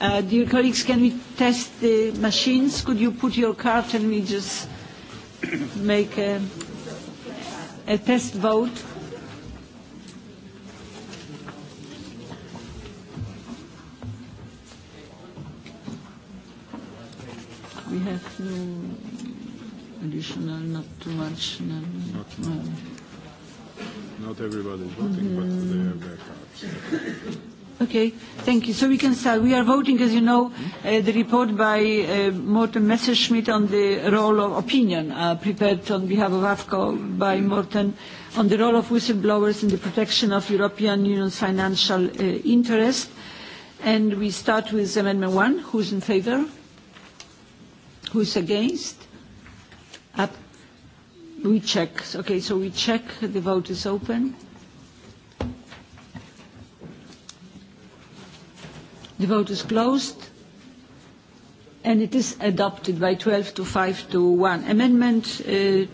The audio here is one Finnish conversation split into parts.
Uh, dear colleagues, can we test the machines? Could you put your card and we just make a, a test vote? We have no additional, not too much. No, not, no. not everybody is voting, mm. but they have their cards. Okay, thank you. So we can start. We are voting, as you know, uh, the report by uh, Morten Messerschmidt on the role of opinion uh, prepared on behalf of AFCO by Morten on the role of whistleblowers in the protection of European Union's financial uh, interest. And we start with Amendment 1. Who's in favor? Who's against? Up. We check. Okay, so we check. The vote is open. The vote is closed, and it is adopted by 12 to 5 to 1. Amendment uh,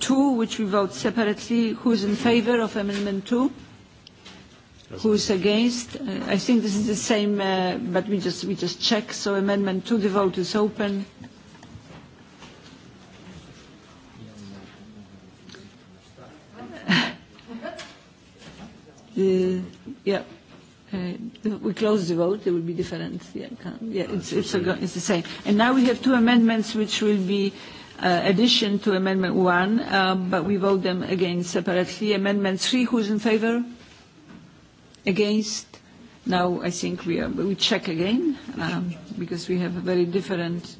2, which we vote separately. Who's in favor of Amendment 2? Who's against? Uh, I think this is the same, uh, but we just, we just check. So Amendment 2, the vote is open. uh, yeah. Uh, we close the vote. There will be different. Yeah, yeah it's, it's, a, it's the same. And now we have two amendments which will be uh, addition to Amendment 1, um, but we vote them again separately. Amendment 3, who's in favor? Against? Now I think we, are, we check again um, because we have a very different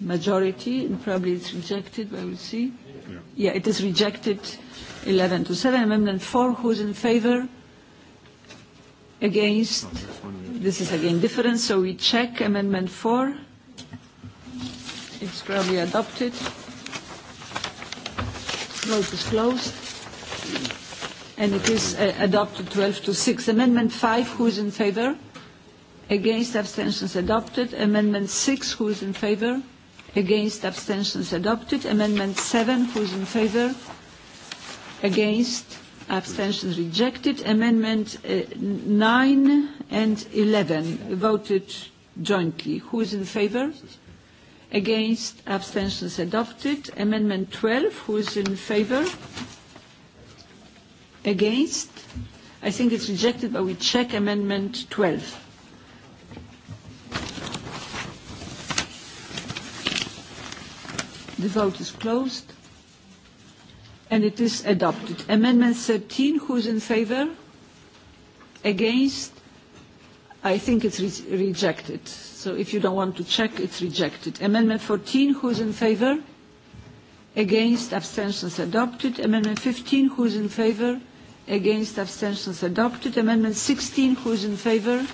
majority and probably it's rejected, but we'll see. Yeah, yeah it is rejected 11 to 7. Amendment 4, who's in favor? Against? This is again different, so we check amendment four. It's probably adopted. Vote is closed. And it is uh, adopted 12 to 6. Amendment 5, who is in favor? Against abstentions adopted. Amendment 6, who is in favor? Against abstentions adopted. Amendment 7, who is in favor? Against abstentions rejected. Amendment uh, 9 and 11 voted jointly. Who is in favor? Against, abstentions adopted. Amendment 12, who is in favor? Against? I think it's rejected, but we check Amendment 12. The vote is closed and it is adopted. Amendment 13, who's in favour? Against? I think it's re rejected. So if you don't want to check, it's rejected. Amendment 14, who's in favour? Against? Abstentions adopted. Amendment 15, who's in favour? Against? Abstentions adopted. Amendment 16, who's in favour?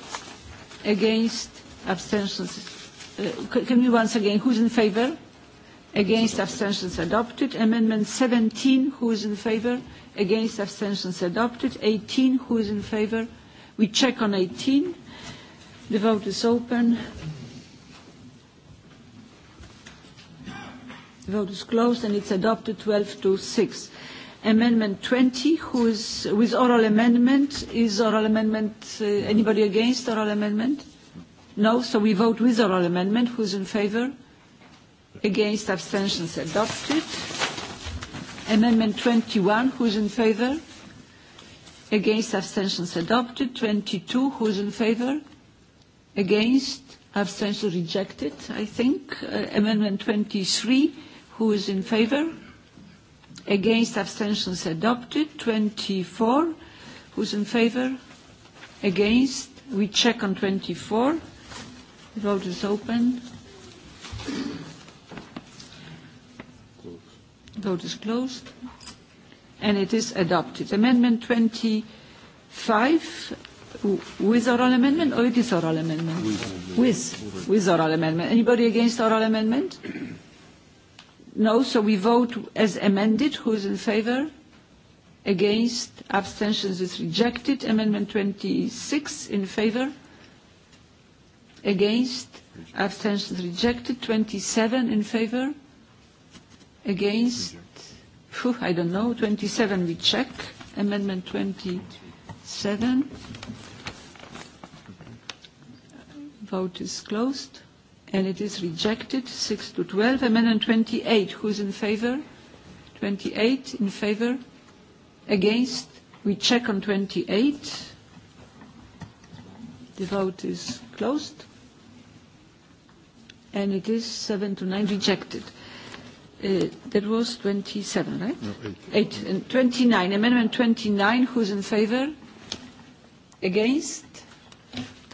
Against? Abstentions. Uh, can you once again, who's in favour? Against abstentions adopted. Amendment 17, who is in favor? Against abstentions adopted. 18, who is in favor? We check on 18. The vote is open. The vote is closed and it's adopted 12 to 6. Amendment 20, who is with oral amendment. Is oral amendment, uh, anybody against oral amendment? No, so we vote with oral amendment. Who's in favor? against abstentions adopted. Amendment 21, who's in favor? Against abstentions adopted. 22, who's in favor? Against abstentions rejected, I think. Uh, amendment 23, who is in favor? Against abstentions adopted. 24, who's in favor? Against. We check on 24. The vote is open. Vote is closed. And it is adopted. Amendment 25, with oral amendment or it is oral amendment? With. With, with oral amendment. Anybody against oral amendment? No, so we vote as amended. Who is in favor? Against? Abstentions is rejected. Amendment 26 in favor? Against? Abstentions rejected. 27 in favor? Against? Phew, I don't know. 27 we check. Amendment 27. Vote is closed and it is rejected. 6 to 12. Amendment 28. Who's in favor? 28 in favor. Against? We check on 28. The vote is closed. And it is 7 to 9 rejected. Uh, that was 27, right? No, eight. Eight and 29. Amendment 29, who's in favor? Against?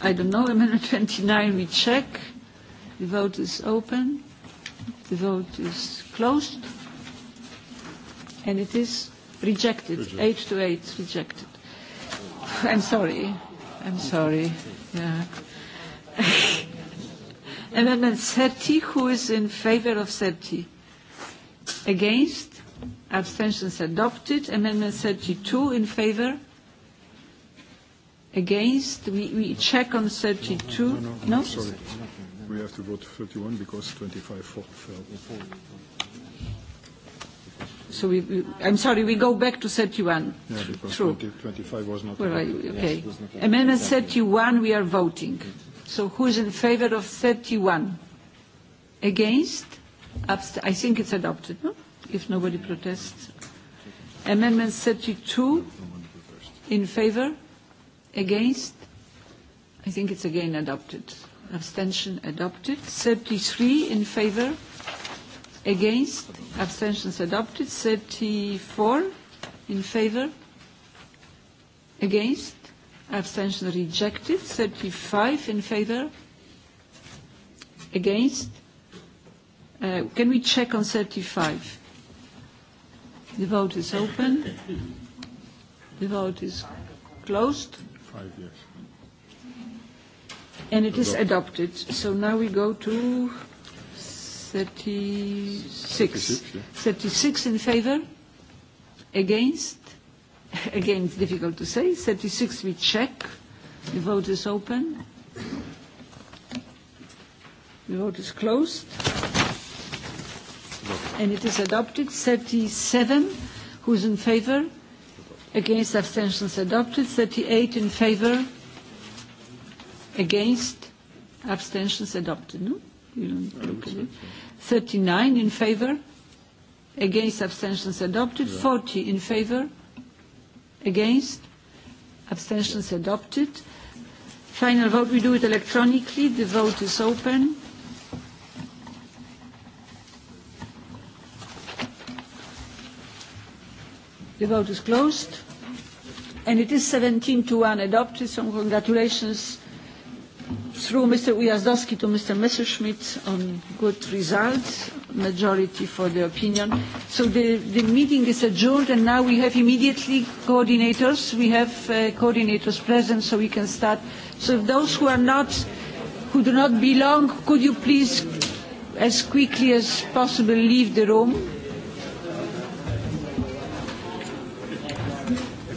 I don't know. Amendment 29, we check. The vote is open. The vote is closed. And it is rejected. rejected. Eight to eight, rejected. I'm sorry. I'm sorry. Yeah. Amendment 30, who is in favor of 30? Against? Abstentions adopted. Amendment 32 in favor? Against? We, we check on 32. No, no? no, no, no? Sorry. We have to vote 31 because 25 fell. So we, we, I'm sorry, we go back to 31. Yeah, because True. 20, 25 was not. are you? okay. Yes, not Amendment 31, we are voting. So who is in favor of 31? Against? I think it's adopted, no? If nobody protests. Amendment 32 in favor, against. I think it's again adopted. Abstention adopted. 33 in favor, against. Abstentions adopted. 34 in favor, against. Abstention rejected. 35 in favor, against. Uh, can we check on 35? The vote is open. The vote is closed. Five years. And it is adopted. So now we go to 36. 36 in favor? Against? Again, it's difficult to say. 36 we check. The vote is open. The vote is closed and it is adopted. 37, who's in favor? Against, abstentions adopted. 38 in favor. Against, abstentions adopted. No? You don't look at it. 39 in favor. Against, abstentions adopted. 40 in favor. Against, abstentions adopted. Final vote, we do it electronically. The vote is open. The vote is closed. And it is 17 to 1 adopted, so congratulations through Mr. Ujazdowski to Mr. Messerschmidt on good results, majority for the opinion. So the, the meeting is adjourned and now we have immediately coordinators. We have uh, coordinators present so we can start. So if those who are not, who do not belong, could you please as quickly as possible leave the room?